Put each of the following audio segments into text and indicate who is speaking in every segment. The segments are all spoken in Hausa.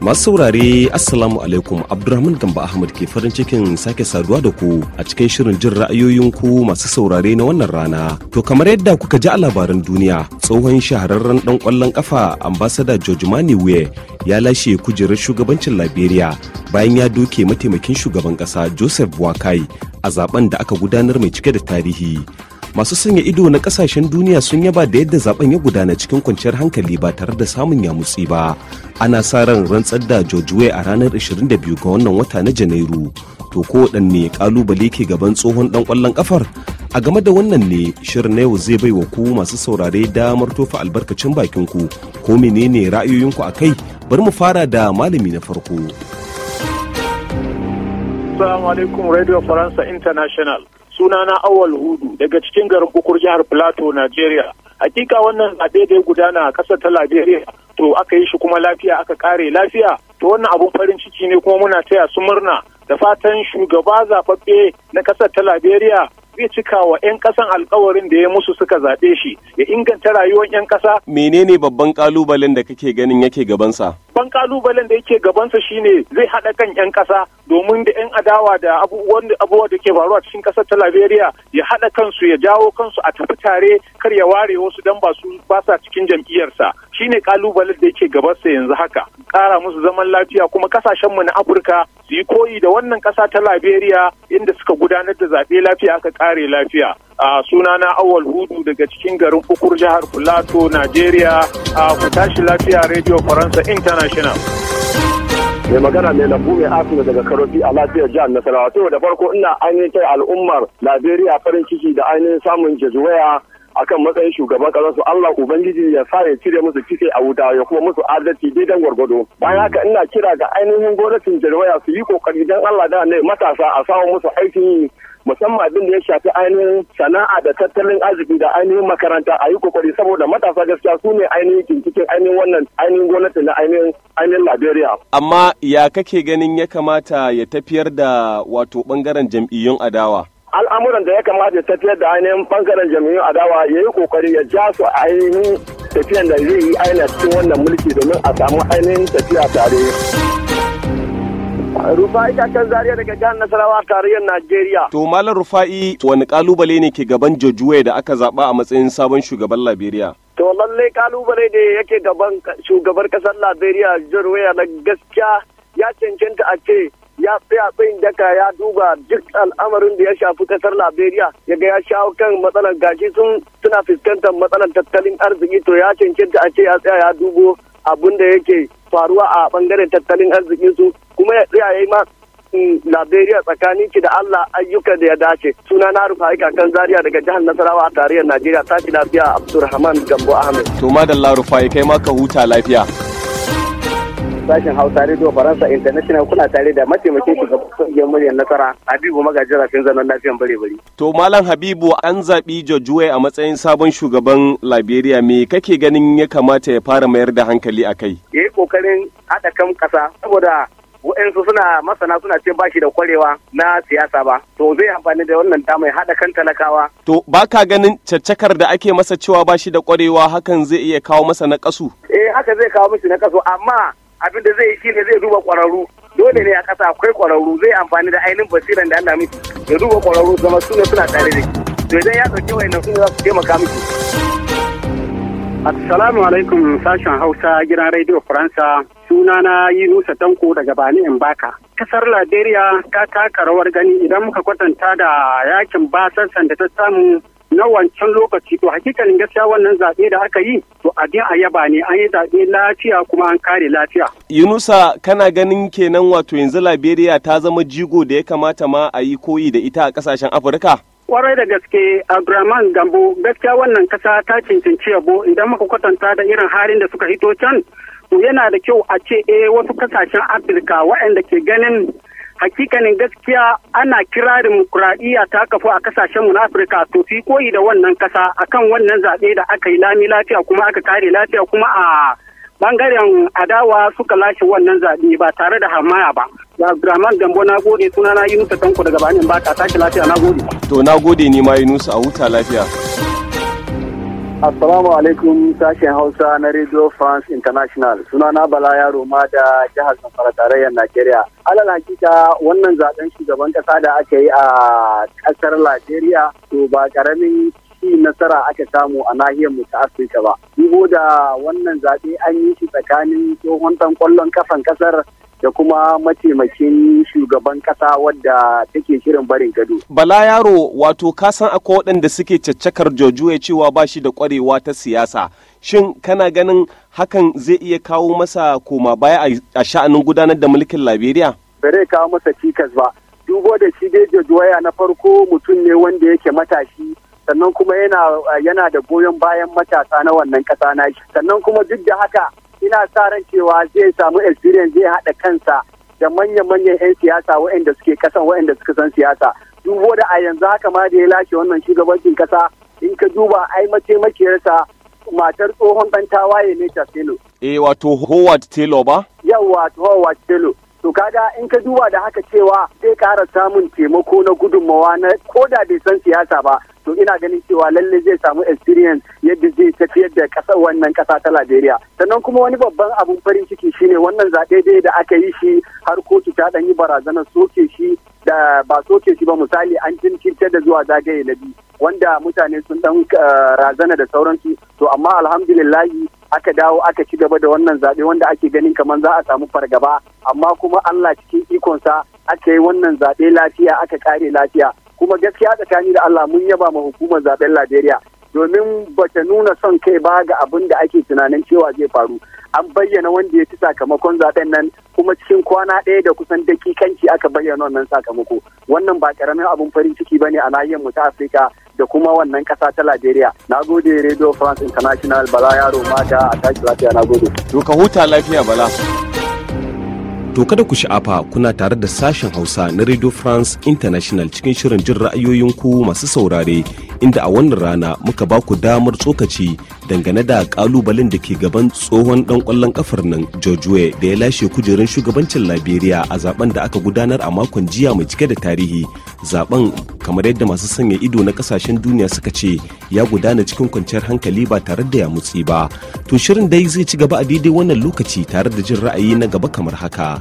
Speaker 1: Masu saurare Assalamu alaikum Abdulrahman Gamba Ahmad ke farin cikin sake saduwa da ku a cikin shirin jin ra'ayoyin ku masu saurare na wannan rana. To kamar yadda kuka ji a labaran duniya tsohon shahararren dan kwallon kafa ambasada George Maniwe ya lashe kujerar shugabancin Liberia bayan ya doke mataimakin shugaban kasa Joseph Boakai a zaben da aka gudanar mai cike da tarihi. masu sanya ido na kasashen duniya sun yaba da yadda zaben ya gudana cikin kwanciyar hankali ba tare da samun yamutsi ba ana sa ran rantsar da george a ranar 22 ga wannan wata na janairu to ko wadanne kalubale ke gaban tsohon dan ƙwallon kafar a game da wannan ne shirin na yau zai baiwa ku masu saurare damar tofa albarkacin bakin ku ko menene ra'ayoyinku a kai bari mu fara da malami na farko
Speaker 2: Assalamu alaikum Radio Faransa International. sunana awal hudu daga cikin garin bukur jihar plateau nigeria hakika wannan zaɓe da ya gudana a ƙasar ta liberia to aka yi shi kuma lafiya aka kare lafiya to wannan abun farin ciki ne kuma muna taya su murna da fatan shugaba zaɓaɓɓe na ƙasar ta liberia zai cika wa 'yan kasan alkawarin da ya musu suka zaɓe shi ya inganta rayuwar 'yan ƙasa.
Speaker 1: Menene babban kalubalen da kake ganin yake gabansa?
Speaker 2: Babban ƙalubalen da yake gabansa shine zai haɗa kan 'yan ƙasa domin da 'yan adawa da abubuwan da ke faruwa cikin ƙasar ta Liberia ya haɗa kansu ya jawo kansu a tafi tare kar ya ware wasu dan ba su ba sa cikin jam'iyyarsa. shine kalubalen da yake gabansa yanzu haka ƙara musu zaman lafiya kuma mu na afirka su yi koyi da wannan ƙasa ta liberia inda suka gudanar da zaɓe lafiya aka kare lafiya a suna na awal hudu daga cikin garin ukur jihar plateau nigeria a ku tashi lafiya radio faransa international mai magana mai lambu mai asuna daga karofi a lafiyar jihar nasarawa to da farko ina ainihin al'ummar liberia farin ciki da ainihin samun jazuwaya akan matsayin shugaban kasar su Allah ubangiji ya sa ya cire musu kitse a wuta ya kuma musu adalci daidan gwargwado bayan haka ina kira ga ainihin gwamnatin jarwaya su yi kokari dan Allah da ne matasa a samu musu aikin yi musamman abin da ya shafi ainihin sana'a da tattalin arziki da ainihin makaranta a yi kokari saboda matasa gaskiya su ne ainihin kinkikin ainihin wannan ainihin gwamnati na ainihin ainihin Liberia.
Speaker 1: Amma ya kake ganin ya kamata ya tafiyar da wato bangaren jam'iyyun adawa?
Speaker 2: al'amuran da ya kamata tafiyar da ainihin bangaren jami'in adawa ya yi kokari ya ja su ainihin tafiyar da zai yi ainihin cikin wannan mulki domin a samu ainihin tafiya tare. Rufa'i ta kan zariya daga jihar Nasarawa tarayyar Najeriya.
Speaker 1: To Malam Rufa'i wani kalubale ne ke gaban Jojuwe da aka zaba a matsayin sabon shugaban Liberia?
Speaker 2: To lallai kalubale da yake gaban shugaban kasar Liberia Jojuwe na gaskiya ya cancanta a ce ya tsaya tsayin daka ya duba duk al'amarin da ya shafi kasar Liberia ya ga ya shawo kan matsalar gashi sun suna fuskantar matsalar tattalin arziki to ya cancanta a ce ya tsaya ya dubo abin da yake faruwa a bangaren tattalin arziki su kuma ya tsaya ya yi ma mm, Liberia tsakanin ki da Allah ayyuka da ya dace suna na rufa kan zaria daga jihar Nasarawa a tarayyar Najeriya tashi lafiya Abdulrahman Gambo Ahmed
Speaker 1: to madalla rufa kai ma ka huta lafiya
Speaker 2: sashen Hausa Radio Faransa International kuna tare da mataimakin shugaban kungiyar muryar nasara Habibu Magajin Rafin Zanon Lafiyan Bare-bare.
Speaker 1: To Malam Habibu an zaɓi Jojuwe a matsayin sabon shugaban Liberia me kake ganin ya kamata ya fara mayar da hankali a kai?
Speaker 2: Ya yi ƙoƙarin haɗa kan ƙasa saboda wa'yansu suna masana suna ce ba shi da kwarewa na siyasa ba to zai amfani da wannan damai haɗa kan talakawa.
Speaker 1: To baka ganin caccakar da ake masa cewa bashi da kwarewa hakan zai iya kawo masa na kasu?
Speaker 2: Eh haka zai kawo mishi na kasu amma abin da zai yi shine zai duba kwararru dole ne a ƙasa akwai kwararru zai amfani da ainihin basiran da Allah miki ya duba kwararru zama su ne suna tare da shi to idan ya dauke wayannan su za su taimaka miki Assalamu alaikum sashen Hausa gidan Radio Faransa Suna na yi nusa Tanko daga Bani in baka Kasar Liberia ta taka rawar gani idan muka kwatanta da yakin basassan da ta samu na wancan lokaci to hakikalin gaskiya wannan zaɓe da aka yi to abin a yaba ne an yi zaɓe lafiya kuma an kare
Speaker 1: lafiya. Yunusa kana ganin kenan wato yanzu Liberia ta zama jigo da ya kamata ma a yi koyi da ita a kasashen Afirka?
Speaker 2: kwarai da gaske abraman gambo gaskiya wannan kasa ta cincinci yabo idan muka kwatanta da irin halin da suka hito can to yana da kyau a ce eh wasu kasashen afirka waɗanda ke ganin hakikanin gaskiya ana kira demokuraɗiyya ta kafu a kasashen na afirka to fi koyi da wannan kasa akan wannan zaɓe da aka yi lami lafiya kuma aka kare lafiya kuma a bangaren adawa suka lashe wannan zaɓe ba tare da hamaya ba Abdulrahman Gambo na gode yi nusa Tanko
Speaker 1: daga Banin Baka sake lafiya na gode. To na gode ni ma nusa a huta lafiya.
Speaker 2: Assalamu alaikum sashen Hausa na Radio France International. Sunana Bala Yaro ma da jihar Zamfara tarayyar Najeriya. Alal hakika wannan zaben shugaban ƙasa da aka yi a ƙasar Najeriya to ba ƙaramin ci nasara aka samu a nahiyar mu ta Afirka ba. Dubo da wannan zaɓe an yi shi tsakanin tsohon ɗan ƙwallon kafan kasar da kuma mataimakin shugaban kasa wadda
Speaker 3: take shirin barin gado.
Speaker 1: Bala yaro wato ka san akwai waɗanda suke caccakar jojuya cewa ba shi da ƙwarewa ta siyasa. Shin kana ganin hakan zai iya kawo masa koma baya a sha'anin gudanar da mulkin Liberia?
Speaker 2: Ba zai kawo masa cikas ba. Dubo da shi dai jojuya na farko mutum ne wanda yake matashi sannan kuma yana da goyon bayan matasa na wannan ƙasa na sannan kuma duk da haka ina sa ran cewa zai samu experience zai haɗa kansa da manya-manyan 'yan siyasa waɗanda suke kasan waɗanda suka san siyasa dubo da a yanzu haka ma da ya lashe wannan shugabancin kasa in ka duba ai mataimakiyarsa matar tsohon ɗan tawaye ne telo.
Speaker 1: Eh wato Howard Taylor ba?
Speaker 2: Yawwa Howard Taylor. to kaga in ka duba da haka cewa zai kara samun taimako na gudunmawa na koda bai san siyasa ba to ina ganin cewa lalle zai samu experience yadda zai tafiyar da kasar wannan kasa ta Liberia sannan kuma wani babban abun farin ciki shine wannan zaɓe dai da aka yi shi har kotu ta ɗan yi barazana soke shi da ba soke shi ba misali an jinkirtar da zuwa zagaye na bi wanda mutane sun ɗan eh, razana da sauransu to amma alhamdulillahi aka dawo aka ci gaba da wannan zaɓe wanda ake ganin kamar za a samu fargaba amma kuma Allah cikin ikonsa aka yi wannan zaɓe lafiya aka kare lafiya kuma gaskiya tsakani da Allah mun yaba ma hukumar zaben Najeriya domin ba ta nuna son kai ba ga abin da ake tunanin cewa zai faru an bayyana wanda ya ci sakamakon zaben nan kuma cikin kwana ɗaya da kusan dakikanci aka bayyana wannan sakamako wannan ba karamin abin farin ciki bane a nahiyar mu ta Afirka da kuma wannan kasa ta Najeriya na gode Radio France International Bala Yaro mata a tashi lafiya na gode
Speaker 1: to ka huta lafiya Bala To kada ku sha'afa kuna tare da sashen Hausa na Radio France International cikin shirin jin ra'ayoyin ku masu saurare inda a wannan rana muka ba ku damar tsokaci dangane da kalubalen da ke gaban tsohon dan kwallon kafar nan George da ya lashe kujerun shugabancin Liberia a zaben da aka gudanar a makon jiya mai cike da tarihi zaben kamar yadda masu sanya ido na kasashen duniya suka ce ya gudana cikin kwanciyar hankali ba tare da ya mutsi ba to shirin dai zai ci gaba a daidai wannan lokaci tare da jin ra'ayi na gaba kamar haka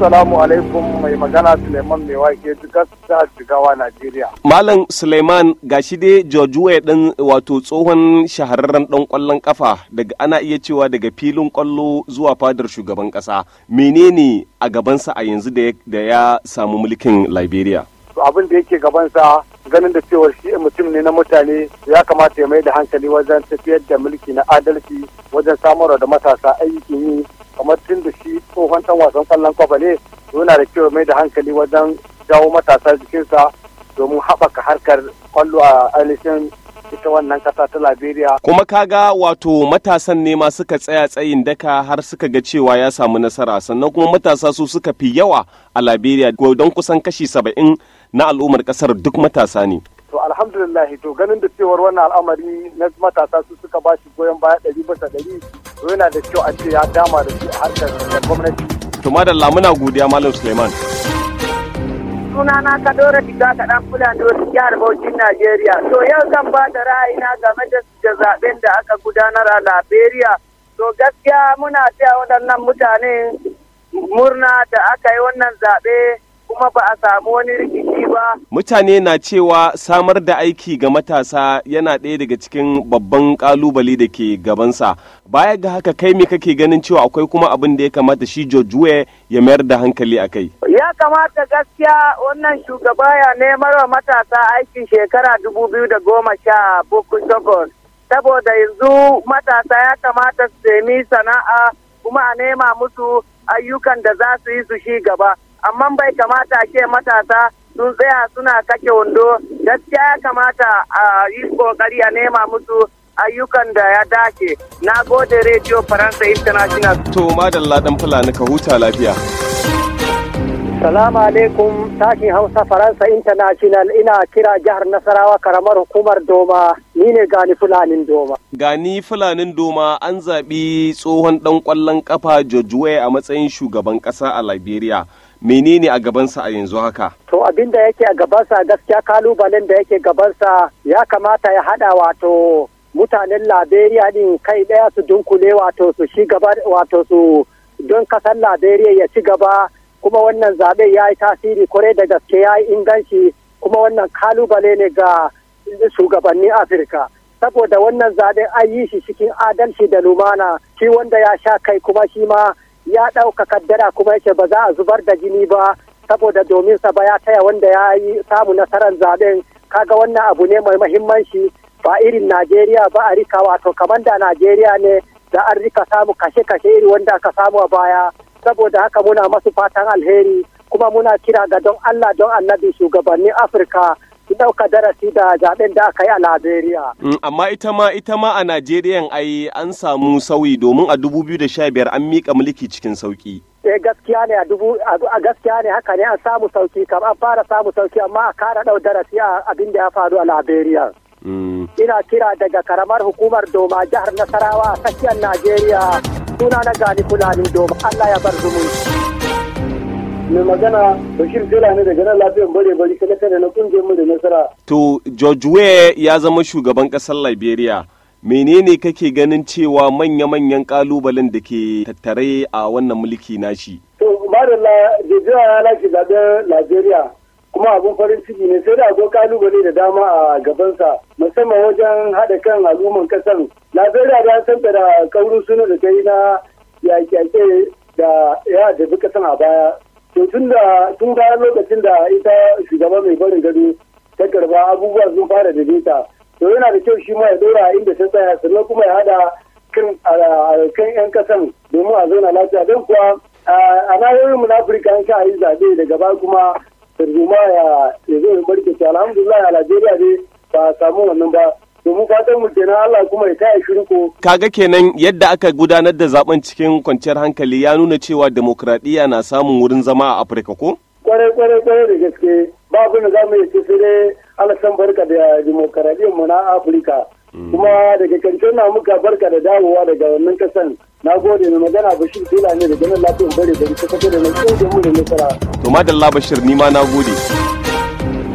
Speaker 2: Assalamu alaikum mai magana Suleiman mai wake jigas ta jigawa Najeriya.
Speaker 1: Malam Suleiman gashi dai George ɗin wato tsohon shahararren ɗan ƙwallon ƙafa daga ana iya cewa daga filin ƙwallo zuwa fadar shugaban ƙasa. Menene a gabansa a yanzu da ya samu mulkin Liberia?
Speaker 3: Abin da yake gabansa ganin da cewar shi
Speaker 2: mutum ne na mutane ya kamata ya mai da hankali wajen tafiyar da mulki na adalci wajen samarwa da matasa aiki yi kamar tun da shi tsohon ɗan wasan kwallon kwafa ne yana da cewa mai da hankali wajen jawo matasa jikinsa domin haɓaka harkar kwallo a ainihin ita wannan kasa ta Liberia. Kuma
Speaker 1: kaga wato matasan ne ma suka tsaya tsayin daka har suka ga cewa ya samu nasara sannan kuma matasa su suka fi yawa a Liberia don kusan kashi saba'in na al'ummar kasar duk matasa ne.
Speaker 2: To alhamdulillah to ganin da cewar wannan al'amari na matasa su suka ba shi goyon baya ɗari bisa ɗari to yana da kyau a ce ya dama da shi harkar gwamnati.
Speaker 1: To madalla muna godiya Malam Suleiman.
Speaker 4: sunana kadora diga ka dan fulani wasu jihar Bauchin Najeriya.
Speaker 2: To yau kan ba da ra'ayina game da zaben da aka gudanar a Liberia. To gaskiya muna taya waɗannan mutane murna da aka yi wannan zaɓe kuma ba a samu wani rikici ba.
Speaker 1: Mutane na cewa samar da aiki ga matasa yana ɗaya daga cikin babban ƙalubale da ke gabansa. Baya ga haka kai me kake ganin cewa akwai kuma abin da ya kamata shi Jojuwe ya mayar da hankali a kai?
Speaker 2: Ya kamata gaskiya wannan shugaba ya nemar wa matasa aikin shekara dubu biyu da goma sha takwas. Saboda yanzu matasa ya kamata su sana'a kuma a nema musu ayyukan da za su yi su shi gaba.
Speaker 4: amma bai kamata a ce matasa sun tsaya suna kake wando gaskiya ya kamata
Speaker 2: a yi kokari a nema musu ayyukan da ya dace na gode
Speaker 1: radio faransa international to madalla dan fulani ka huta lafiya
Speaker 4: Salamu alaikum sashin Hausa Faransa International ina kira jihar Nasarawa karamar hukumar Doma ni ne gani fulanin Doma.
Speaker 1: Gani fulanin Doma an zaɓi tsohon ɗan ƙwallon ƙafa George a matsayin shugaban ƙasa a Liberia. menene a gabansa a yanzu haka?
Speaker 4: To abin da yake a gabansa gaskiya kalubalen da yake gabansa ya kamata ya haɗa wato mutanen Liberia din kai ɗaya su dunkule wato su shi gaba wato su don kasar Liberia ya ci gaba kuma wannan zaɓe ya yi tasiri kwarai da gaske ya yi inganci kuma wannan kalubale ne ga shugabannin Afirka. Saboda wannan zaɓe an yi shi cikin adalci da lumana shi wanda ya sha kai kuma shi ma ya ɗauka kaddara kuma yake ba za a zubar da jini ba saboda domin sa ba ya taya wanda ya yi samu nasarar zaben kaga wannan abu ne mai mahimmanci ba irin Najeriya ba a rika wato kamar da Najeriya ne da an rika samu kashe-kashe iri wanda aka samu a baya saboda haka muna masu fatan alheri kuma muna kira ga don Allah don annabi shugabannin Afirka ki dauka darasi da zaben da aka yi a Najeriya.
Speaker 1: Mm, amma ita ma ita ma a Najeriya ai an samu sauyi domin a 2015 an mika mulki cikin sauki.
Speaker 4: Eh gaskiya ne a dubu gaskiya ne haka ne an samu sauki kam an fara samu sauki amma a kara ɗau darasi a abin da ya faru a Najeriya. Mm. Ina kira daga karamar hukumar Doma jihar Nasarawa a tsakiyar Najeriya suna na gani Fulani Doma Allah ya bar zumunci. mai
Speaker 2: magana bashir jela ne daga nan lafiyan bare bari kada na kungiyar mu da nasara
Speaker 1: to george weah ya zama shugaban kasar liberia menene kake ganin cewa manya-manyan kalubalen da ke tattare a wannan mulki nashi
Speaker 2: to madalla george ya lashe zaben liberia kuma abun farin ciki ne sai da ago kalubale da dama a gabansa musamman wajen haɗa kan al'umman kasar liberia da san da kaurin suna da ta yi na yaƙe-yaƙe da ya da kasan a baya to tun da tun bayan lokacin da ita shugaba mai barin gado ta karba abubuwa sun fara da daidaita to yana da kyau shi ma ya dora inda ta tsaya sannan kuma ya hada kan kan yan kasan domin a zauna lafiya don kuwa a nahiyoyin mu na afirka an sha zabe zaɓe daga ba kuma tarzoma ya zo ya barke alhamdulillah a najeriya dai ba a samu wannan ba domin fatan mu kenan Allah kuma ya kaya shirko.
Speaker 1: Kaga kenan yadda aka gudanar da zaben cikin kwanciyar hankali ya nuna cewa demokradiyya na samun wurin zama a Afirka ko?
Speaker 2: Kware kware kware da gaske babu da za mu yi sisire Allah san barka da demokradiyyar mu na Afirka. Hmm. Kuma daga kancan na muka barka da dawowa daga wannan kasan na gode na magana Bashir Dila ne da ganin lafiyar bare da ta da na da mu da nasara.
Speaker 1: To madalla Bashir ni ma na gode.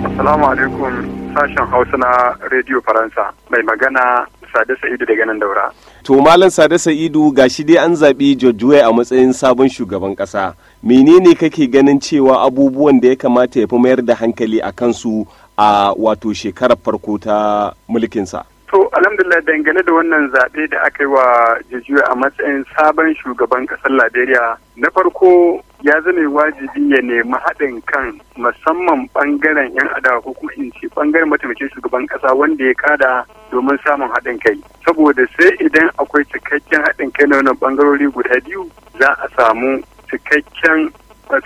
Speaker 1: Assalamu alaikum sashen Hausa
Speaker 3: na Radio Faransa mai magana Sade Sa'idu daga nan daura.
Speaker 1: To Malam Sade Sa'idu gashi dai an zaɓi George a matsayin sabon shugaban ƙasa. Menene kake ganin cewa abubuwan da ya kamata ya fi mayar da hankali a kansu a wato shekarar farko ta mulkinsa?
Speaker 3: To alhamdulillah dangane da wannan zaɓe da aka yi wa George a matsayin sabon shugaban ƙasar Liberia na farko ya zama wajibi ya nemi haɗin kan musamman ɓangaren 'yan adawa ko kuma in ce ɓangaren mataimakin shugaban ƙasa wanda ya kada domin samun haɗin kai saboda sai idan akwai cikakken haɗin kai na wannan ɓangarori guda biyu za a samu cikakken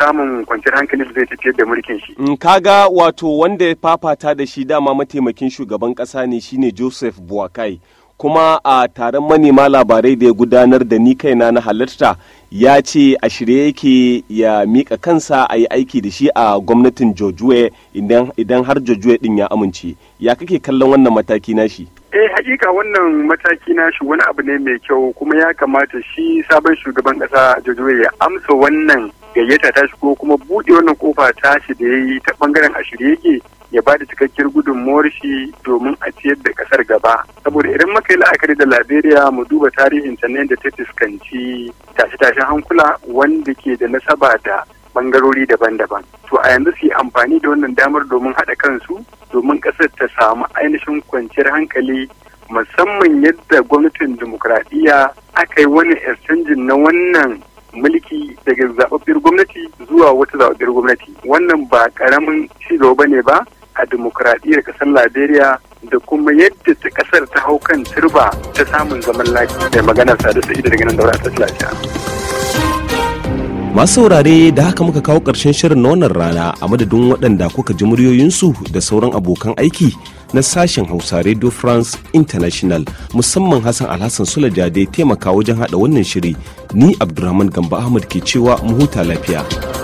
Speaker 3: samun kwanciyar
Speaker 1: hankali zai tafi da mulkin shi. Mm, kaga wato wanda ya fafata da shi dama mataimakin shugaban ƙasa ne shine Joseph Buakai kuma a taron manema labarai da ya gudanar da ni kaina na halarta ya ce a shirye yake ya mika kansa a yi aiki da shi a gwamnatin jojuwe idan har jojuwe din ya amince ya kake kallon wannan mataki na eh
Speaker 3: hakika wannan mataki na shi wani abu ne mai kyau kuma ya kamata shi sabon shugaban kasa jojuwe ya amsa wannan gayyata ta shigo kuma buɗe wannan kofa ta shi da ya yi ta bangaren ashirin yake ya ba da cikakkiyar gudunmuwar shi domin a ciyar da ƙasar gaba saboda idan muka yi la'akari da liberia mu duba tarihin ta da ta fuskanci tashe-tashen hankula wanda ke da nasaba da bangarori daban-daban to a yanzu su yi amfani da wannan damar domin haɗa kansu domin ƙasar ta samu ainihin kwanciyar hankali musamman yadda gwamnatin dimokuraɗiyya aka yi wani canjin na wannan mulki daga zaɓaɓɓiyar gwamnati zuwa wata zaɓaɓɓiyar gwamnati wannan ba ƙaramin karamin ba ne ba a dimokuraɗiyyar ƙasar liberia da kuma yadda ta ƙasar ta hau kan turba ta samun zaman lafiya da maganar da sa'ida daga nan daura ta lafiya.
Speaker 1: Masu saurare da haka muka kawo ƙarshen shirin na wannan rana a madadin waɗanda kuka ji muryoyinsu da sauran abokan aiki na sashen Hausa Radio France International musamman Hassan Alhassan Sulaja da ya taimaka wajen hada wannan shiri ni Abdulrahman Gamba Ahmad ke cewa mu huta lafiya.